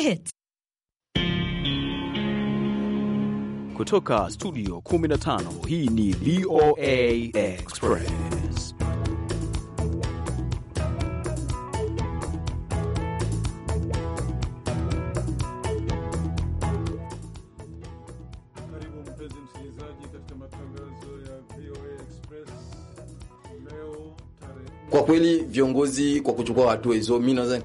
Hits. Kutoka studio 15 hii ni VOA Express. Karibu mpenzi msikilizaji katika matangazo ya VOA Express. Leo tarehe. Kwa kweli viongozi kwa kuchukua hatua hizo mimi naweza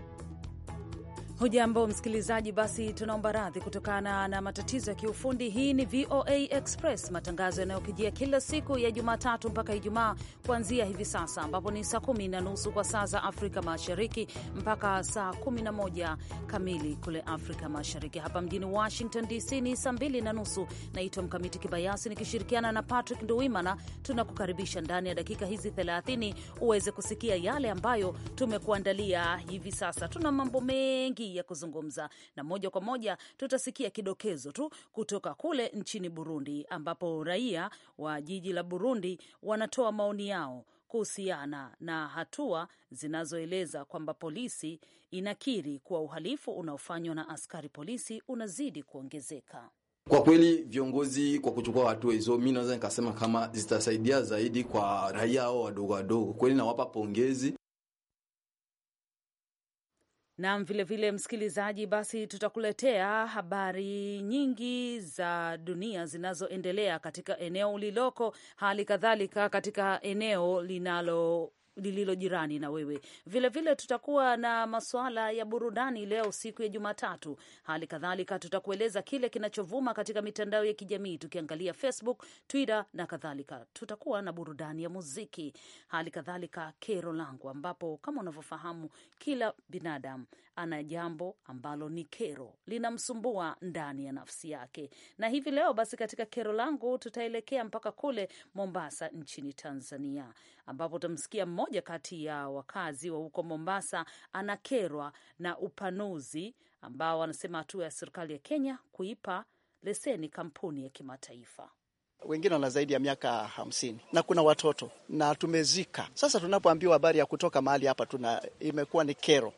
Hujambo msikilizaji, basi tunaomba radhi kutokana na matatizo ya kiufundi. Hii ni VOA Express, matangazo yanayokijia kila siku ya Jumatatu mpaka Ijumaa kuanzia hivi sasa, ambapo ni saa kumi na nusu kwa saa za Afrika Mashariki mpaka saa kumi na moja kamili kule Afrika Mashariki. Hapa mjini Washington DC ni saa mbili na nusu. Naitwa Mkamiti Kibayasi nikishirikiana na Patrick Nduwimana. Tunakukaribisha ndani ya dakika hizi 30 uweze kusikia yale ambayo tumekuandalia hivi sasa. Tuna mambo mengi ya kuzungumza, na moja kwa moja tutasikia kidokezo tu kutoka kule nchini Burundi, ambapo raia wa jiji la Burundi wanatoa maoni yao kuhusiana na hatua zinazoeleza kwamba polisi inakiri kuwa uhalifu unaofanywa na askari polisi unazidi kuongezeka. Kwa kweli viongozi kwa kuchukua hatua hizo, mi naweza nikasema kama zitasaidia zaidi kwa raia hao wadogo wadogo. Kweli nawapa pongezi Naam, vilevile msikilizaji, basi tutakuletea habari nyingi za dunia zinazoendelea katika eneo uliloko, hali kadhalika katika eneo linalo lililo jirani na wewe. Vilevile vile tutakuwa na masuala ya burudani leo siku ya Jumatatu. Hali kadhalika tutakueleza kile kinachovuma katika mitandao ya kijamii tukiangalia Facebook, Twitter na kadhalika. Tutakuwa na burudani ya muziki, hali kadhalika kero langu, ambapo kama unavyofahamu kila binadamu ana jambo ambalo ni kero linamsumbua ndani ya nafsi yake. Na hivi leo basi, katika kero langu tutaelekea mpaka kule Mombasa nchini Tanzania, ambapo utamsikia mmoja kati ya wakazi wa huko Mombasa anakerwa na upanuzi ambao wanasema hatua ya serikali ya Kenya kuipa leseni kampuni ya kimataifa wengine wana zaidi ya miaka hamsini na kuna watoto na tumezika. Sasa tunapoambiwa habari ya kutoka mahali hapa, tuna imekuwa ni kero.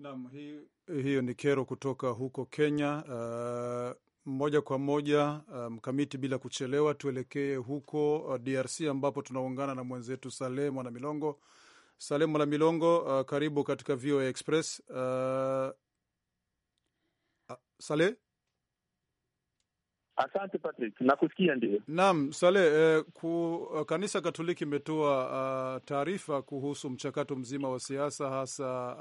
Naam, hiyo hi ni kero kutoka huko Kenya. Uh, moja kwa moja uh, mkamiti, um, bila kuchelewa tuelekee huko uh, DRC ambapo tunaungana na mwenzetu Saleh Mwana Milongo. Saleh Mwana Milongo, uh, karibu katika VOA Express. Uh, uh, Saleh Asante Patrick, nakusikia. Ndio, naam Sale. Eh, ku, eh, kanisa Katoliki imetoa uh, taarifa kuhusu mchakato mzima wa siasa hasa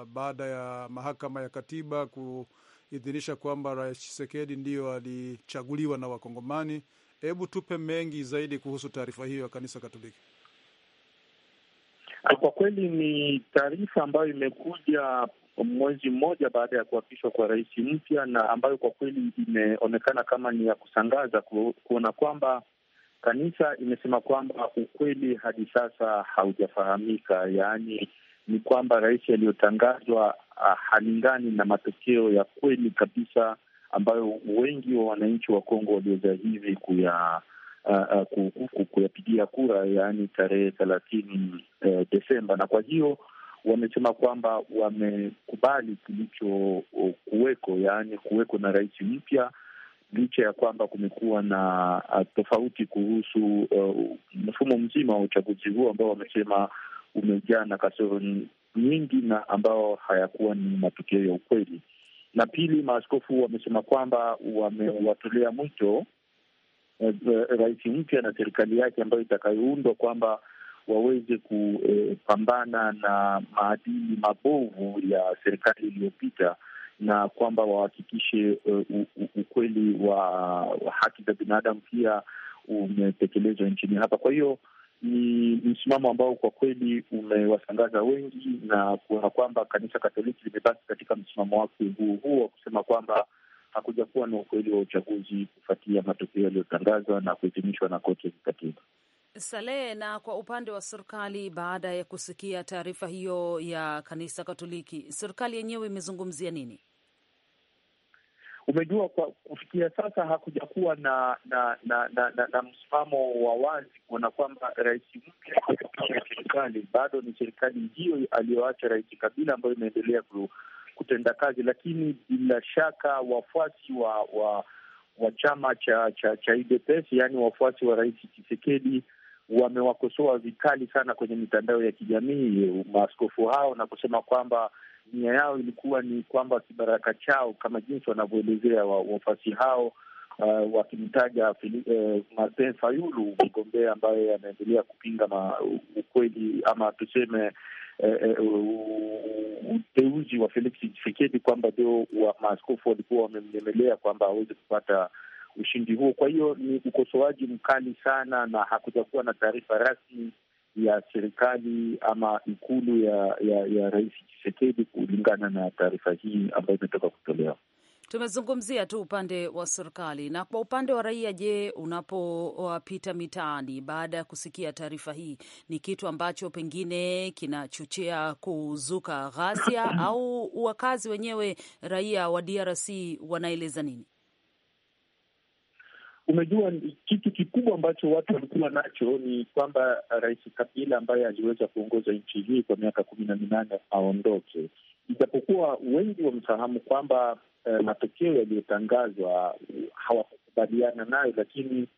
uh, baada ya mahakama ya katiba kuidhinisha kwamba Rais chisekedi ndiyo alichaguliwa na Wakongomani. Hebu tupe mengi zaidi kuhusu taarifa hiyo ya kanisa Katoliki. Kwa kweli ni taarifa ambayo imekuja mwezi mmoja baada ya kuapishwa kwa rais mpya, na ambayo kwa kweli imeonekana kama ni ya kusangaza ku, kuona kwamba kanisa imesema kwamba ukweli hadi sasa haujafahamika, yaani ni kwamba rais aliyotangazwa ah, halingani na matokeo ya kweli kabisa ambayo wengi wa wananchi wa Kongo waliweza hivi kuya uh, uh, kuyapigia kura, yaani tarehe thelathini uh, Desemba. Na kwa hiyo wamesema kwamba wamekubali kilichokuweko, yaani kuweko na rais mpya licha ya kwamba kumekuwa na tofauti kuhusu uh, mfumo mzima wa uchaguzi huo ambao wamesema umejaa na kasoro nyingi na ambao hayakuwa ni matokeo ya ukweli. Na pili, maaskofu wamesema kwamba wamewatolea mwito uh, rais mpya na serikali yake ambayo itakayoundwa kwamba waweze kupambana eh, na maadili mabovu ya serikali iliyopita na kwamba wahakikishe eh, ukweli wa haki za binadamu pia umetekelezwa nchini hapa. Kwa hiyo ni msimamo ambao kwa kweli umewasangaza wengi na kuona kwamba kanisa Katoliki limebaki katika msimamo wake huo huo wa kusema kwamba hakuja kuwa na ukweli wa uchaguzi kufuatia matokeo yaliyotangazwa na kuhitimishwa na koti ya kikatiba. Saleh, na kwa upande wa serikali, baada ya kusikia taarifa hiyo ya kanisa Katoliki, serikali yenyewe imezungumzia nini? Umejua, kwa kufikia sasa hakujakuwa na na na, na, na, na msimamo wa wazi kuona kwamba rais mpya serikali bado ni serikali hiyo aliyoacha Rais Kabila ambayo imeendelea kutenda kazi, lakini bila shaka wafuasi wa wa wa chama cha cha cha UDPS, yaani wafuasi wa Rais chisekedi wamewakosoa vikali sana kwenye mitandao ya kijamii maaskofu hao na kusema kwamba nia yao ilikuwa ni kwamba kibaraka chao kama jinsi wanavyoelezea wafuasi hao uh, wakimtaja uh, Martin Fayulu, mgombea ambaye anaendelea kupinga ma, ukweli ama tuseme eh, eh, uteuzi uh, eh, wa Felix Tshisekedi kwamba ndio maaskofu walikuwa wamemnyemelea kwamba aweze kupata ushindi huo. Kwa hiyo ni ukosoaji mkali sana, na hakujakuwa na taarifa rasmi ya serikali ama ikulu ya ya, ya Rais chisekedi kulingana na taarifa hii ambayo imetoka kutolewa. Tumezungumzia tu upande wa serikali na kwa upande wa raia. Je, unapowapita mitaani baada ya kusikia taarifa hii, ni kitu ambacho pengine kinachochea kuzuka ghasia au wakazi wenyewe raia wa DRC wanaeleza nini? Umejua, kitu kikubwa ambacho watu walikuwa nacho ni kwamba Rais Kabila ambaye aliweza kuongoza nchi hii kwa miaka kumi na minane aondoke, ijapokuwa wengi wamefahamu kwamba eh, matokeo yaliyotangazwa hawakukubaliana nayo, lakini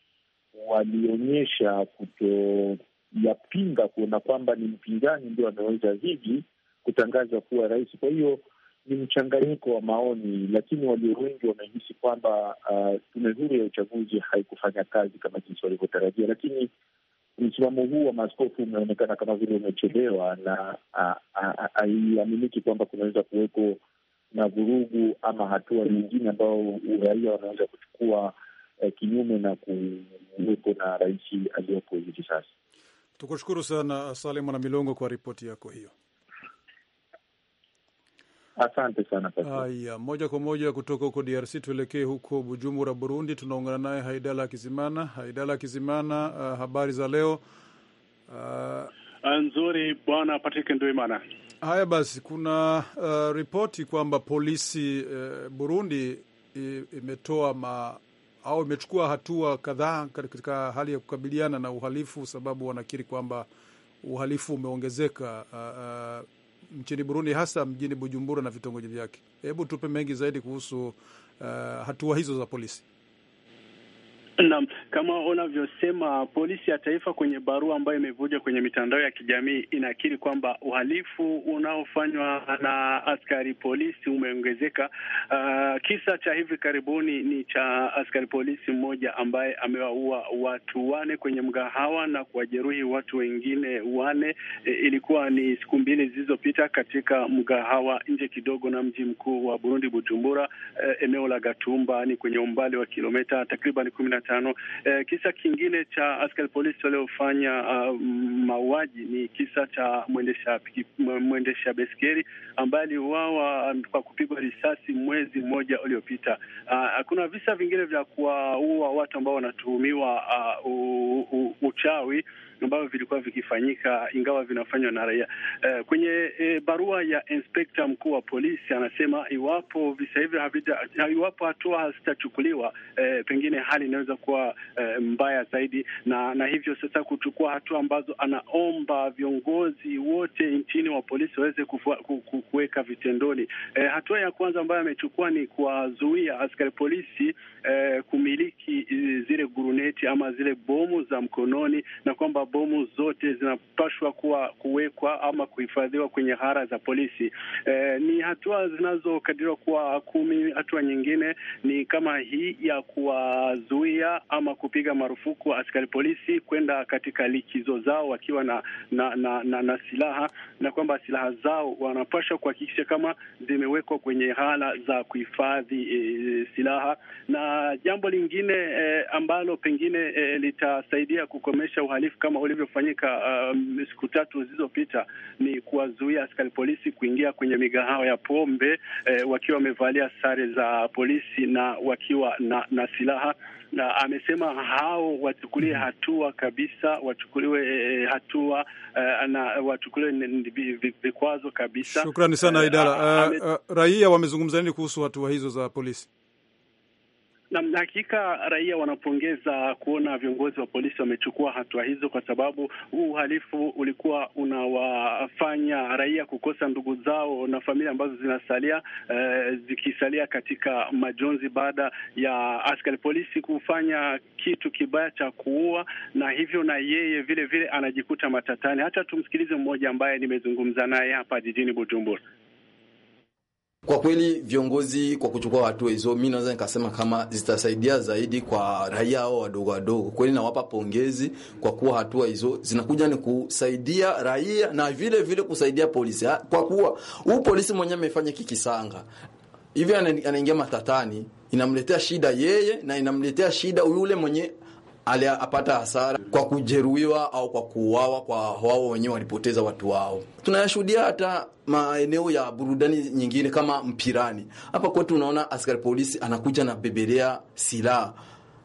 walionyesha kutoyapinga, kuona kwamba ni mpinzani ndio ameweza hivi kutangazwa kuwa rais. Kwa hiyo ni mchanganyiko wa maoni, lakini walio wengi wamehisi kwamba uh, tume huru ya uchaguzi haikufanya kazi kama jinsi walivyotarajia, lakini msimamo huu wa maaskofu umeonekana kama vile umechelewa na haiaminiki kwamba kunaweza kuweko na vurugu ama hatua nyingine ambao raia wanaweza kuchukua eh, kinyume na kuwepo na rais aliyopo hivi sasa. Tukushukuru sana Saleh na Milongo kwa ripoti yako hiyo. Asante sana. Haya, moja kwa moja kutoka huko DRC tuelekee huko Bujumbura, Burundi. Tunaungana naye Haidala Kizimana. Haidala Kizimana, uh, habari za leo? Uh, nzuri bwana Patrick Nduimana. Haya basi, kuna uh, ripoti kwamba polisi uh, Burundi imetoa ma au imechukua hatua kadhaa katika hali ya kukabiliana na uhalifu, sababu wanakiri kwamba uhalifu umeongezeka uh, uh, nchini Burundi, hasa mjini Bujumbura na vitongoji vyake. Hebu tupe mengi zaidi kuhusu uh, hatua hizo za polisi. Naam, kama unavyosema, polisi ya taifa kwenye barua ambayo imevuja kwenye mitandao ya kijamii inakiri kwamba uhalifu unaofanywa na askari polisi umeongezeka. Uh, kisa cha hivi karibuni ni cha askari polisi mmoja ambaye amewaua watu wane kwenye mgahawa na kuwajeruhi watu wengine wane. E, ilikuwa ni siku mbili zilizopita katika mgahawa nje kidogo na mji mkuu wa Burundi Bujumbura, e, eneo la Gatumba, ni kwenye umbali wa kilomita takriban kumi na tano. Eh, kisa kingine cha askari polisi waliofanya uh, mauaji ni kisa cha mwendesha mwendesha beskeri ambaye aliuawa ah, kwa kupigwa risasi mwezi mmoja uliopita. Uh, kuna visa vingine vya kuwaua watu ambao wanatuhumiwa uh, uchawi ambavyo vilikuwa vikifanyika ingawa vinafanywa na raia. Uh, kwenye uh, barua ya inspekta mkuu wa polisi anasema iwapo visa hivyo havita, iwapo hatua hazitachukuliwa, uh, pengine hali inaweza kuwa uh, mbaya zaidi, na na hivyo sasa kuchukua hatua ambazo anaomba viongozi wote nchini wa polisi waweze kuweka vitendoni. Uh, hatua ya kwanza ambayo amechukua ni kuwazuia askari polisi uh, kumiliki zile guruneti ama zile bomu za mkononi na kwamba mabomu zote zinapashwa kuwa kuwekwa ama kuhifadhiwa kwenye hara za polisi. E, ni hatua zinazokadiriwa kuwa kumi. Hatua nyingine ni kama hii ya kuwazuia ama kupiga marufuku askari polisi kwenda katika likizo zao wakiwa na na, na, na, na silaha na kwamba silaha zao wanapashwa kuhakikisha kama zimewekwa kwenye hara za kuhifadhi e, silaha. Na jambo lingine e, ambalo pengine e, litasaidia kukomesha uhalifu kama kama ulivyofanyika um, siku tatu zilizopita ni kuwazuia askari polisi kuingia kwenye migahawa ya pombe eh, wakiwa wamevalia sare za polisi na wakiwa na, na silaha na amesema hao wachukuliwe mhm. hatua kabisa, wachukuliwe eh, hatua eh, na wachukuliwe vikwazo kabisa. Shukrani sana eh, Idara. Uh, uh, raia wamezungumza nini kuhusu hatua hizo za polisi? Nam, hakika raia wanapongeza kuona viongozi wa polisi wamechukua hatua hizo, kwa sababu huu uhalifu ulikuwa unawafanya raia kukosa ndugu zao na familia ambazo zinasalia eh, zikisalia katika majonzi baada ya askari polisi kufanya kitu kibaya cha kuua, na hivyo na yeye vile vile anajikuta matatani. Hata tumsikilize mmoja ambaye nimezungumza naye hapa jijini Bujumbura. Kwa kweli viongozi kwa kuchukua hatua hizo, mi naweza nikasema kama zitasaidia zaidi kwa raia hao wadogo wadogo. Kweli nawapa pongezi kwa kuwa hatua hizo zinakuja ni kusaidia raia na vile vile kusaidia polisi, kwa kuwa huu polisi mwenyewe amefanya kikisanga hivi, anaingia matatani, inamletea shida yeye na inamletea shida yule mwenye apata hasara kwa kujeruhiwa au kwa kuuawa, kwa wao wenyewe walipoteza watu wao. Tunayashuhudia hata maeneo ya burudani nyingine kama mpirani. Hapa kwetu unaona askari polisi anakuja na bebelea silaha.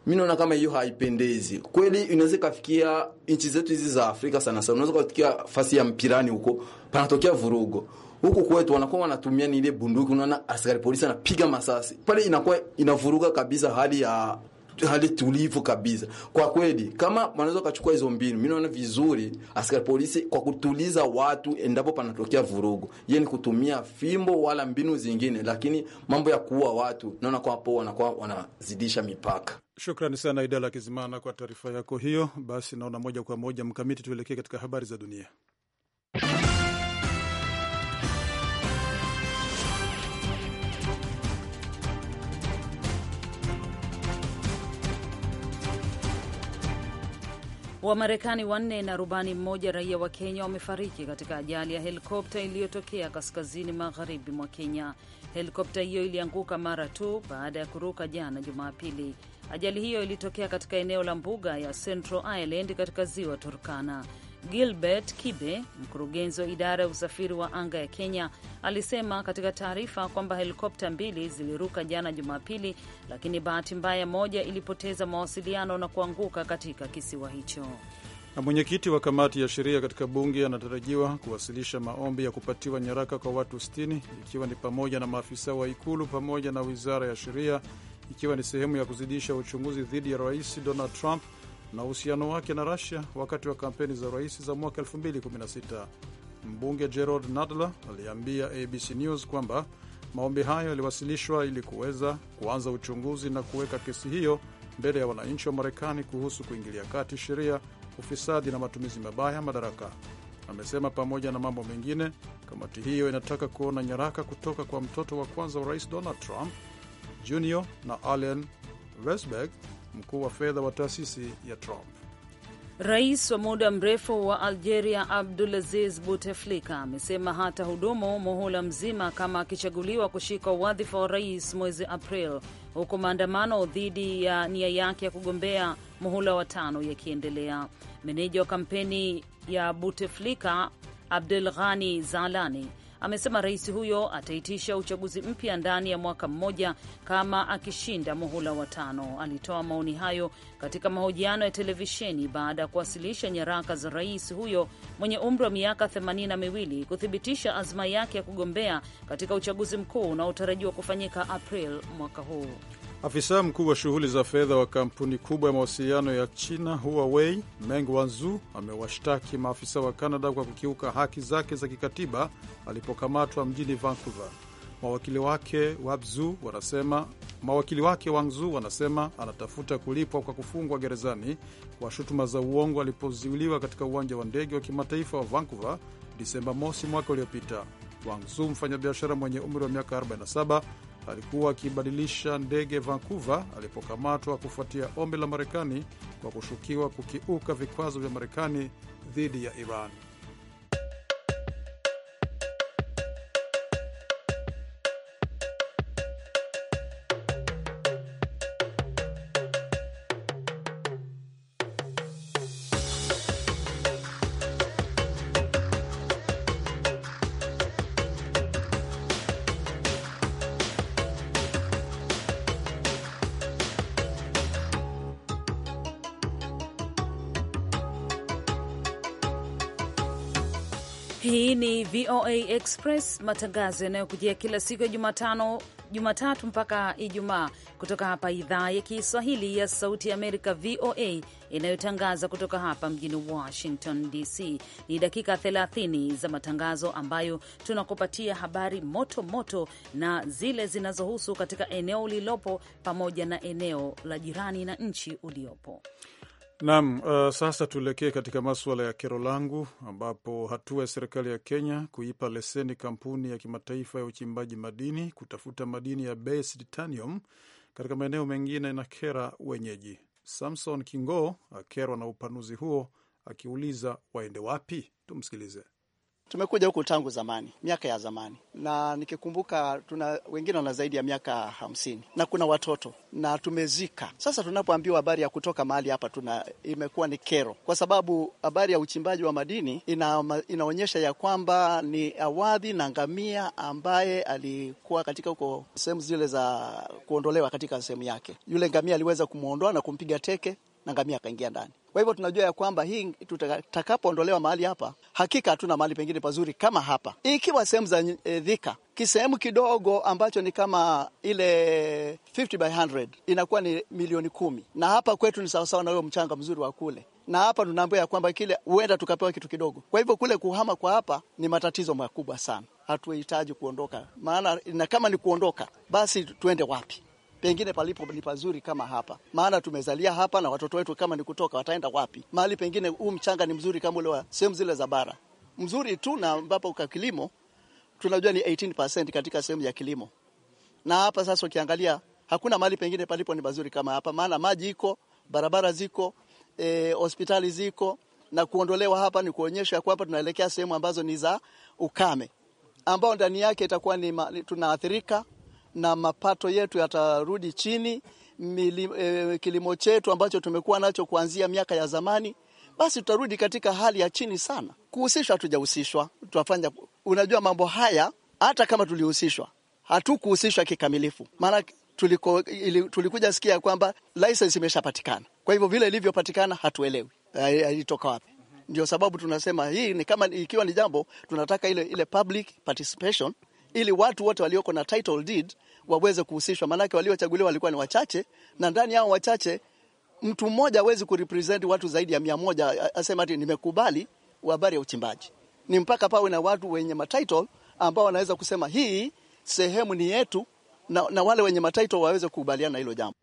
Mi naona kama hiyo haipendezi kweli. Inaweza ikafikia nchi zetu hizi za Afrika sana sana, unaweza kafikia fasi ya mpirani huko panatokea vurugo huku kwetu wanakuwa wanatumia ni ile bunduki, unaona askari polisi anapiga masasi pale, inakuwa inavuruga kabisa hali ya hali tulivu kabisa. Kwa kweli, kama wanaweza wakachukua hizo mbinu, mi naona vizuri askari polisi kwa kutuliza watu endapo panatokea vurugu, yeye ni kutumia fimbo wala mbinu zingine, lakini mambo ya kuua watu naona hapo wanakuwa wanazidisha mipaka. Shukrani sana Idala Kizimana kwa taarifa yako hiyo. Basi naona moja kwa moja mkamiti, tuelekee katika habari za dunia. Wamarekani wanne na rubani mmoja raia wa Kenya wamefariki katika ajali ya helikopta iliyotokea kaskazini magharibi mwa Kenya. Helikopta hiyo ilianguka mara tu baada ya kuruka jana Jumapili. Ajali hiyo ilitokea katika eneo la mbuga ya Central Island katika ziwa Turkana. Gilbert Kibe, mkurugenzi wa idara ya usafiri wa anga ya Kenya, alisema katika taarifa kwamba helikopta mbili ziliruka jana Jumapili, lakini bahati mbaya moja ilipoteza mawasiliano na kuanguka katika kisiwa hicho. Na mwenyekiti wa kamati ya sheria katika bunge anatarajiwa kuwasilisha maombi ya kupatiwa nyaraka kwa watu 60 ikiwa ni pamoja na maafisa wa ikulu pamoja na wizara ya sheria, ikiwa ni sehemu ya kuzidisha uchunguzi dhidi ya rais Donald Trump na uhusiano wake na rusia wakati wa kampeni za rais za mwaka 2016. Mbunge Gerald Nadler aliambia ABC News kwamba maombi hayo yaliwasilishwa ili kuweza kuanza uchunguzi na kuweka kesi hiyo mbele ya wananchi wa Marekani kuhusu kuingilia kati sheria, ufisadi na matumizi mabaya madaraka. Amesema pamoja na mambo mengine, kamati hiyo inataka kuona nyaraka kutoka kwa mtoto wa kwanza wa rais Donald Trump Jr na Allen Resberg mkuu wa fedha wa taasisi ya Trump. Rais wa muda mrefu wa Algeria Abdulaziz Buteflika amesema hata hudumu muhula mzima kama akichaguliwa kushika wadhifa wa rais mwezi April, huku maandamano dhidi ya nia yake ya kugombea muhula wa tano yakiendelea. Meneja wa kampeni ya Buteflika Abdul Ghani Zalani amesema rais huyo ataitisha uchaguzi mpya ndani ya mwaka mmoja kama akishinda muhula wa tano. Alitoa maoni hayo katika mahojiano ya televisheni baada ya kuwasilisha nyaraka za rais huyo mwenye umri wa miaka themanini na miwili kuthibitisha azma yake ya kugombea katika uchaguzi mkuu unaotarajiwa kufanyika April mwaka huu. Afisa mkuu wa shughuli za fedha wa kampuni kubwa ya mawasiliano ya China Huawei, Meng Wanzu, amewashtaki maafisa wa canada kwa kukiuka haki zake za kikatiba alipokamatwa mjini Vancouver. Mawakili wake Wangzu wanasema, mawakili wake Wangzu wanasema anatafuta kulipwa kwa kufungwa gerezani kwa shutuma za uongo alipozuiliwa katika uwanja wa ndege wa kimataifa wa Vancouver Disemba mosi mwaka uliopita. Wangzu, mfanyabiashara mwenye umri wa miaka 47 alikuwa akibadilisha ndege Vancouver alipokamatwa kufuatia ombi la Marekani kwa kushukiwa kukiuka vikwazo vya Marekani dhidi ya Iran. Hii ni VOA Express, matangazo yanayokujia kila siku ya Jumatano, Jumatatu mpaka Ijumaa kutoka hapa idhaa ya Kiswahili ya Sauti ya Amerika, VOA, inayotangaza kutoka hapa mjini Washington DC. Ni dakika 30 za matangazo ambayo tunakupatia habari moto moto na zile zinazohusu katika eneo ulilopo pamoja na eneo la jirani na nchi uliopo. Naam, uh, sasa tuelekee katika maswala ya kero langu, ambapo hatua ya serikali ya Kenya kuipa leseni kampuni ya kimataifa ya uchimbaji madini kutafuta madini ya base titanium katika maeneo mengine na kera wenyeji. Samson Kingo akerwa na upanuzi huo, akiuliza waende wapi? Tumsikilize. Tumekuja huku tangu zamani, miaka ya zamani, na nikikumbuka, tuna wengine wana zaidi ya miaka hamsini na kuna watoto na tumezika. Sasa tunapoambiwa habari ya kutoka mahali hapa, tuna imekuwa ni kero, kwa sababu habari ya uchimbaji wa madini ina, inaonyesha ya kwamba ni awadhi na ngamia ambaye alikuwa katika huko sehemu zile za kuondolewa katika sehemu yake. Yule ngamia aliweza kumwondoa na kumpiga teke na ngamia akaingia ndani. Kwa hivyo tunajua ya kwamba hii tutakapoondolewa mahali hapa, hakika hatuna mahali pengine pazuri kama hapa, ikiwa sehemu za e, eh, Dhika kisehemu kidogo ambacho ni kama ile 50 by 100 inakuwa ni milioni kumi, na hapa kwetu ni sawasawa na huyo mchanga mzuri wa kule na hapa tunaambia ya kwamba kile huenda tukapewa kitu kidogo. Kwa hivyo kule kuhama kwa hapa ni matatizo makubwa sana, hatuhitaji kuondoka maana, na kama ni kuondoka basi tuende wapi? pengine palipo ni pazuri kama hapa, maana tumezalia hapa na watoto wetu kama ni kutoka wataenda wapi? Mahali pengine huu mchanga ni mzuri kama ule wa sehemu zile za bara, mzuri tu, na ambapo kwa kilimo tunajua ni 18% katika sehemu ya kilimo, na hapa sasa ukiangalia hakuna mahali pengine palipo ni pazuri kama hapa, maana maji iko, barabara ziko, e, hospitali ziko na kuondolewa hapa ni kuonyesha kwamba tunaelekea sehemu ambazo ni za ukame ambao ndani yake itakuwa ni tunaathirika na mapato yetu yatarudi chini mili, e, kilimo chetu ambacho tumekuwa nacho kuanzia miaka ya zamani, basi tutarudi katika hali ya chini sana. Kuhusishwa hatujahusishwa, tutafanya. Unajua mambo haya, hata kama tulihusishwa, hatukuhusishwa kikamilifu, maana tuliko, ili, tulikuja sikia kwamba license imeshapatikana. Kwa hivyo vile ilivyopatikana hatuelewi ilitoka wapi. Ndio sababu tunasema hii ni kama ikiwa ni jambo tunataka ile, ile public participation ili watu wote walioko na title deed waweze kuhusishwa, maanake waliochaguliwa walikuwa ni wachache, na ndani yao wachache, mtu mmoja hawezi kurepresent watu zaidi ya mia moja asema ati nimekubali habari ya uchimbaji. Ni mpaka pawe na watu wenye matitle ambao wanaweza kusema hii sehemu ni yetu, na, na wale wenye matitle waweze kukubaliana na hilo jambo.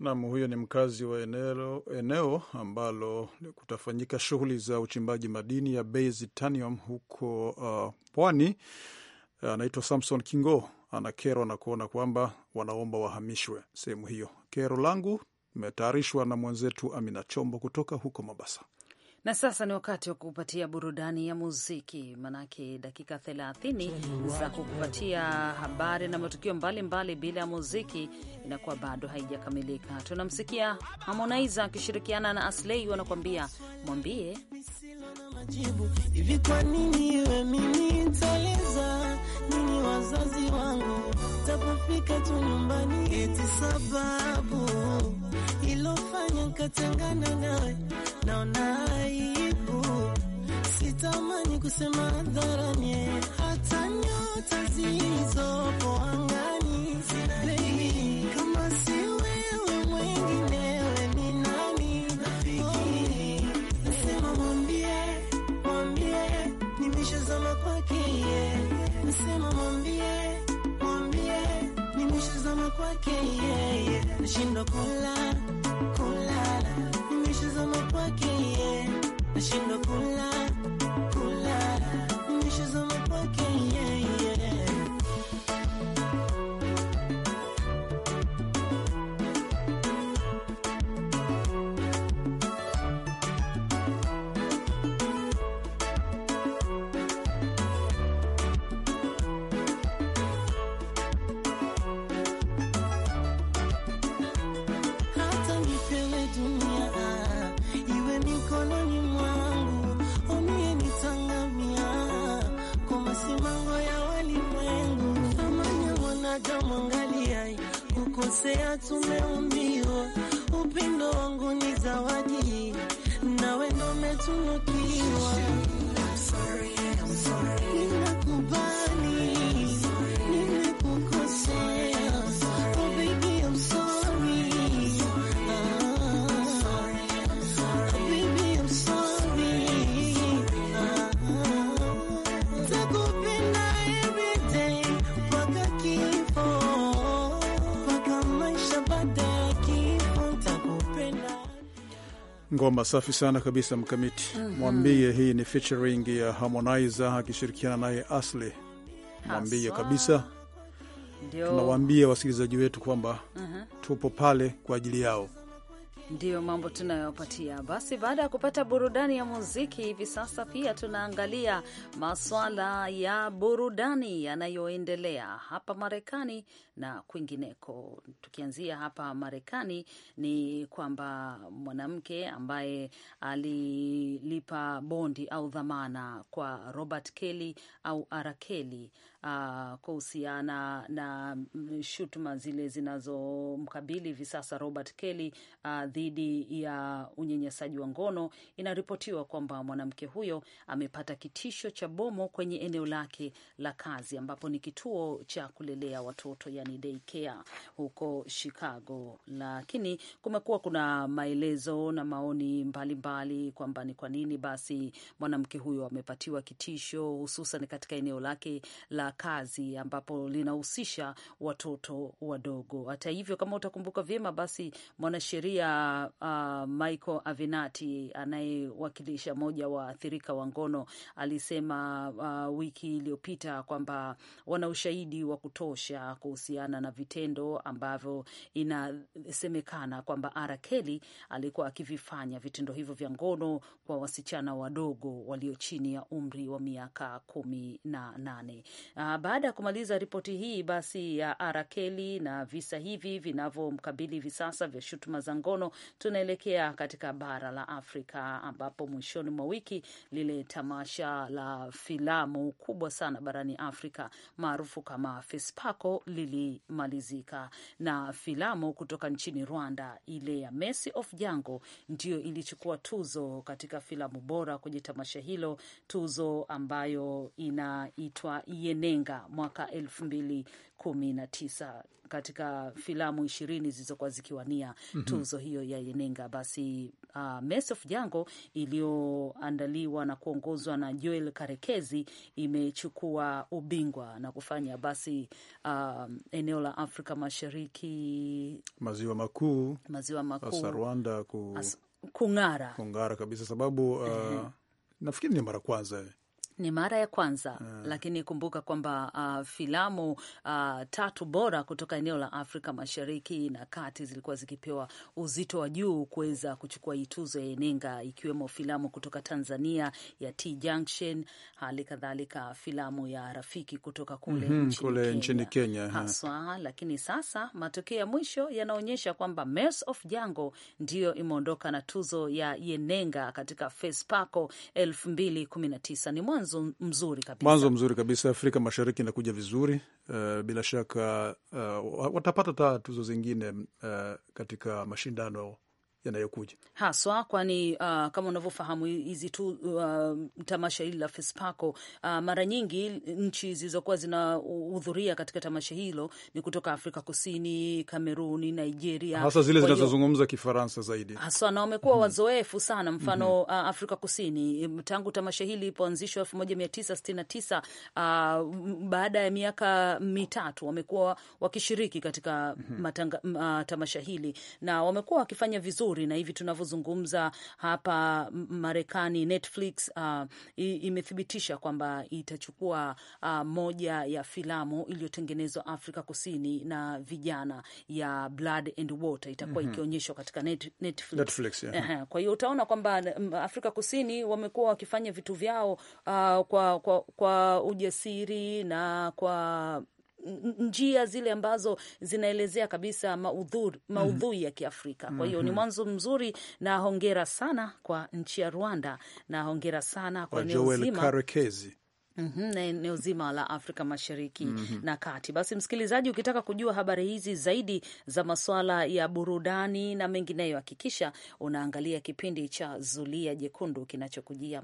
Nam, huyo ni mkazi wa eneo, eneo ambalo kutafanyika shughuli za uchimbaji madini ya bei zitanium huko uh, pwani Eh, anaitwa Samson Kingo anakerwa na kuona kwamba wanaomba wahamishwe sehemu hiyo. Kero langu imetayarishwa na mwenzetu Amina Chombo kutoka huko Mombasa. Na sasa ni wakati wa kupatia burudani ya muziki, manake dakika 30 za kukupatia habari na matukio mbalimbali mbali bila ya muziki inakuwa bado haijakamilika. Tunamsikia Harmonize akishirikiana na Aslei wanakuambia mwambie wazazi wangu tapofika tu nyumbani, eti sababu ilofanya nkatengana nawe, naona aibu, sitamani kusema hadharani, hata nyota zilizopo angani kama si wewe mwenginewe ni Nasema mwambie nimeshazama kwake Nikasema mwambie, mwambie nimeshazama kwake yeye, yeah. Nashindwa kula kulala, nimeshazama kwake yeye, yeah. Nashindwa kula tumekosea, tumeumia, upendo wangu ni zawadi, nawe ndo umetunukiwa ngoma safi sana kabisa mkamiti. mm -hmm. Mwambie hii ni featuring ya Harmonize akishirikiana naye Asli. Mwambie kabisa, tunawaambia wasikilizaji wetu kwamba mm -hmm. tupo pale kwa ajili yao. Ndiyo mambo tunayopatia. Basi baada ya kupata burudani ya muziki, hivi sasa pia tunaangalia maswala ya burudani yanayoendelea hapa Marekani na kwingineko. Tukianzia hapa Marekani, ni kwamba mwanamke ambaye alilipa bondi au dhamana kwa Robert Kelly au R Kelly uh, kuhusiana na shutuma zile zinazomkabili hivi sasa Robert Kelly uh, dhidi ya unyanyasaji wa ngono, inaripotiwa kwamba mwanamke huyo amepata kitisho cha bomo kwenye eneo lake la kazi, ambapo ni kituo cha kulelea watoto yani daycare huko Chicago. Lakini kumekuwa kuna maelezo na maoni mbalimbali kwamba ni kwa nini basi mwanamke huyo amepatiwa kitisho hususan katika eneo lake la kazi ambapo linahusisha watoto wadogo. Hata hivyo, kama utakumbuka vyema, basi mwanasheria uh, Michael Avenatti anayewakilisha moja wa athirika wa ngono alisema uh, wiki iliyopita kwamba wana ushahidi wa kutosha kuhusiana na vitendo ambavyo inasemekana kwamba R. Kelly alikuwa akivifanya vitendo hivyo vya ngono kwa wasichana wadogo walio chini ya umri wa miaka kumi na nane. Uh, baada ya kumaliza ripoti hii basi ya R. Kelly na visa hivi vinavyomkabili hivi sasa vya shutuma za ngono, tunaelekea katika bara la Afrika ambapo mwishoni mwa wiki lile tamasha la filamu kubwa sana barani Afrika maarufu kama Fespaco lilimalizika, na filamu kutoka nchini Rwanda ile ya Mercy of Django ndiyo ilichukua tuzo katika filamu bora kwenye tamasha hilo, tuzo ambayo inaitwa Yenenga mwaka elfu mbili kumi na tisa katika filamu ishirini zilizokuwa zikiwania mm -hmm. tuzo hiyo ya Yenenga. Basi uh, Mess of Jango iliyoandaliwa na kuongozwa na Joel Karekezi imechukua ubingwa na kufanya basi uh, eneo la Afrika Mashariki, maziwa makuu, maziwa makuu, hasa Rwanda ku... As... kung'ara, kung'ara kabisa sababu uh, nafikiri ni mara kwanza ni mara ya kwanza hmm. Lakini kumbuka kwamba uh, filamu uh, tatu bora kutoka eneo la Afrika Mashariki na Kati zilikuwa zikipewa uzito wa juu kuweza kuchukua hii tuzo ya Enenga, ikiwemo filamu kutoka Tanzania ya T Junction, hali kadhalika filamu ya Rafiki kutoka kule mm -hmm, nchini kule Kenya, nchini Kenya haswa. Lakini sasa matokeo ya mwisho yanaonyesha kwamba Mers of Jango ndiyo imeondoka na tuzo ya Yenenga katika FESPACO elfu mbili kumi na tisa ni mwanzo mwanzo mzuri kabisa, mwanzo mzuri kabisa. Afrika Mashariki inakuja vizuri uh, bila shaka uh, watapata taa tuzo zingine uh, katika mashindano yanayokuja haswa, kwani uh, kama unavyofahamu hizi tu uh, tamasha hili la FESPACO uh, mara nyingi nchi zilizokuwa zinahudhuria katika tamasha hilo ni kutoka Afrika Kusini, Kameruni, Nigeria, hasa zile zinazozungumza Kifaransa zaidi haswa, na wamekuwa mm -hmm. wazoefu sana. Mfano mm-hmm. uh, Afrika Kusini tangu tamasha hili ilipoanzishwa elfu moja mia tisa sitini na tisa uh, baada ya miaka mitatu wamekuwa wakishiriki katika mm -hmm. matanga, uh, tamasha hili na wamekuwa wakifanya vizuri vizuri, na hivi tunavyozungumza hapa Marekani, Netflix uh, imethibitisha kwamba itachukua uh, moja ya filamu iliyotengenezwa Afrika Kusini na vijana ya Blood and Water itakuwa mm -hmm. ikionyeshwa katika net, Netflix. Netflix, yeah. Kwa hiyo utaona kwamba Afrika Kusini wamekuwa wakifanya vitu vyao uh, kwa, kwa, kwa ujasiri na kwa njia zile ambazo zinaelezea kabisa maudhui maudhui ya Kiafrika. Kwa hiyo ni mhm. mwanzo mzuri, na hongera sana kwa nchi ya Rwanda na hongera sana kwa eneo zima Mm -hmm, na eneo zima la Afrika Mashariki mm -hmm. na Kati. Basi msikilizaji, ukitaka kujua habari hizi zaidi za masuala ya burudani na mengineyo, hakikisha unaangalia kipindi cha Zulia Jekundu kinachokujia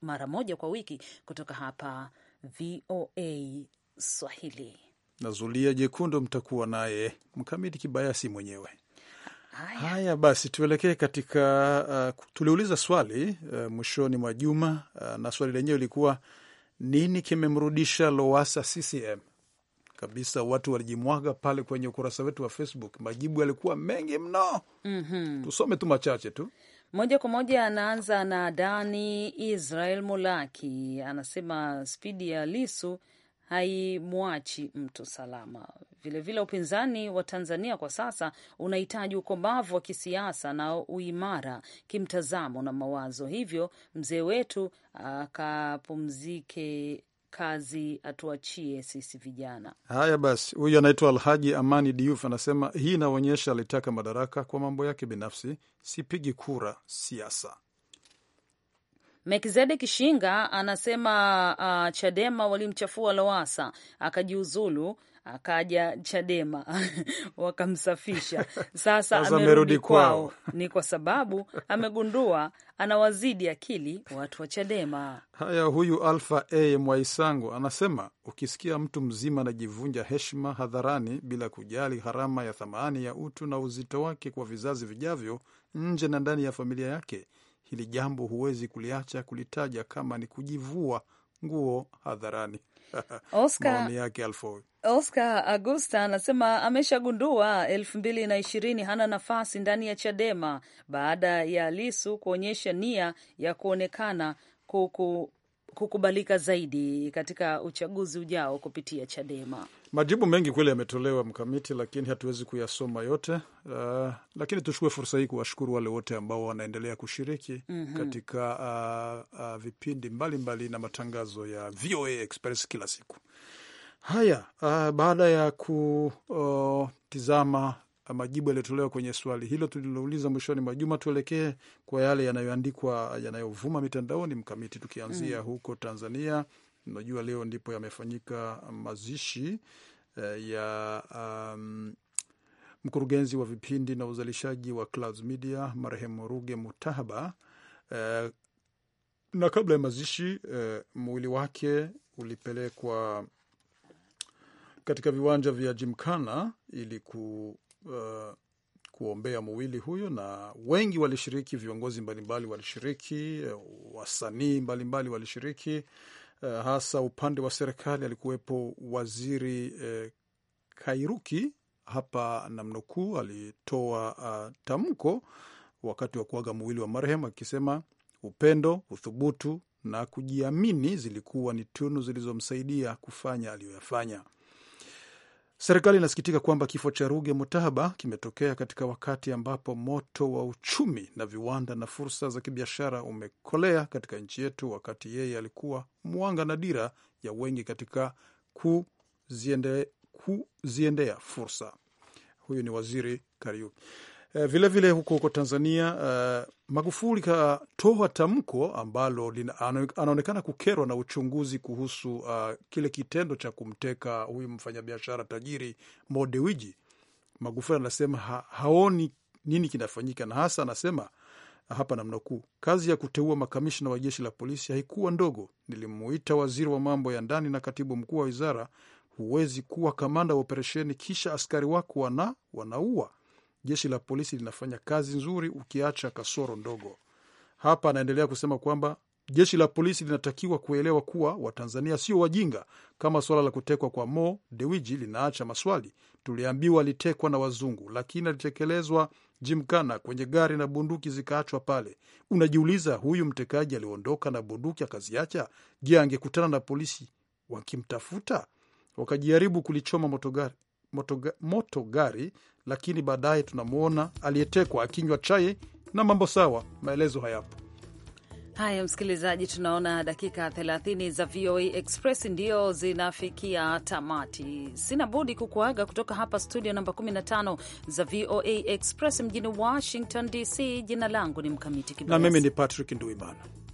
mara moja kwa wiki kutoka hapa VOA Swahili na zulia jekundu mtakuwa naye Mkamiti Kibayasi mwenyewe. Haya, haya basi, tuelekee katika uh, tuliuliza swali uh, mwishoni mwa juma uh, na swali lenyewe ilikuwa nini kimemrudisha Lowasa CCM kabisa. Watu walijimwaga pale kwenye ukurasa wetu wa Facebook, majibu yalikuwa mengi mno. mm -hmm. Tusome tu machache tu moja kwa moja. Anaanza na Dani Israel Mulaki, anasema spidi ya Lisu haimwachi mtu salama. Vilevile vile upinzani wa Tanzania kwa sasa unahitaji ukomavu wa kisiasa na uimara kimtazamo na mawazo. Hivyo mzee wetu akapumzike kazi atuachie sisi vijana. Haya basi, huyu anaitwa Alhaji Amani Diuf anasema hii inaonyesha alitaka madaraka kwa mambo yake binafsi. Sipigi kura siasa. Melkizedek Shinga anasema uh, Chadema walimchafua Lowasa akajiuzulu akaja Chadema wakamsafisha. Sasa amerudi kwao, ni kwa sababu amegundua anawazidi akili watu wa Chadema. Haya, huyu Alfa A Mwaisango anasema ukisikia mtu mzima anajivunja heshima hadharani bila kujali gharama ya thamani ya utu na uzito wake kwa vizazi vijavyo, nje na ndani ya familia yake, hili jambo huwezi kuliacha kulitaja kama ni kujivua nguo hadharani. Oscar, yake Oscar Augusta anasema ameshagundua elfu mbili na ishirini hana nafasi ndani ya Chadema baada ya Lisu kuonyesha nia ya kuonekana kuku kukubalika zaidi katika uchaguzi ujao kupitia Chadema. Majibu mengi kweli yametolewa Mkamiti, lakini hatuwezi kuyasoma yote. Uh, lakini tuchukue fursa hii kuwashukuru wale wote ambao wanaendelea kushiriki mm -hmm. katika uh, uh, vipindi mbalimbali mbali na matangazo ya VOA Express kila siku. Haya, uh, baada ya kutizama uh, Uh, majibu yaliyotolewa kwenye swali hilo tulilouliza mwishoni mwa juma. Tuelekee kwa yale yanayoandikwa, yanayovuma mitandaoni, Mkamiti, tukianzia mm. huko Tanzania. Unajua leo ndipo yamefanyika mazishi eh, ya um, mkurugenzi wa vipindi na uzalishaji wa Clouds Media marehemu Ruge Mutahaba eh, na kabla ya mazishi eh, mwili wake ulipelekwa katika viwanja vya Jimkana ili ku uh, kuombea muwili huyo, na wengi walishiriki, viongozi mbalimbali walishiriki, uh, wasanii mbalimbali walishiriki. Uh, hasa upande wa serikali alikuwepo waziri uh, Kairuki hapa namnukuu, alitoa uh, tamko wakati wa kuaga mwili wa marehemu akisema upendo, uthubutu na kujiamini zilikuwa ni tunu zilizomsaidia kufanya aliyoyafanya. Serikali inasikitika kwamba kifo cha Ruge Mutahaba kimetokea katika wakati ambapo moto wa uchumi na viwanda na fursa za kibiashara umekolea katika nchi yetu, wakati yeye alikuwa mwanga na dira ya wengi katika kuziendea fursa. Huyu ni Waziri Kariuki. Vilevile eh, vile huko huko Tanzania uh, Magufuli katoa tamko ambalo anaonekana kukerwa na uchunguzi kuhusu uh, kile kitendo cha kumteka huyu mfanyabiashara tajiri Mo Dewji. Magufuli anasema ha, haoni nini kinafanyika, na hasa anasema hapa namnukuu, kazi ya kuteua makamishna wa jeshi la polisi haikuwa ndogo. Nilimuita waziri wa mambo ya ndani na katibu mkuu wa wizara. Huwezi kuwa kamanda wa operesheni kisha askari wako wana wanaua jeshi la polisi linafanya kazi nzuri, ukiacha kasoro ndogo. Hapa anaendelea kusema kwamba jeshi la polisi linatakiwa kuelewa kuwa Watanzania sio wajinga. Kama suala la kutekwa kwa Mo Dewiji linaacha maswali, tuliambiwa alitekwa na wazungu, lakini alitekelezwa jimkana kwenye gari na bunduki zikaachwa pale. Unajiuliza, huyu mtekaji aliondoka na bunduki akaziacha? Je, angekutana na polisi wakimtafuta wakajaribu kulichoma moto gari, moto, moto gari lakini baadaye tunamwona aliyetekwa akinywa chai na mambo sawa. Maelezo hayapo. Haya, msikilizaji, tunaona dakika 30 za VOA Express ndio zinafikia tamati. Sina budi kukuaga kutoka hapa studio namba 15 za VOA Express mjini Washington DC. Jina langu ni Mkamiti Kibayasi na mimi ni Patrick Nduimana.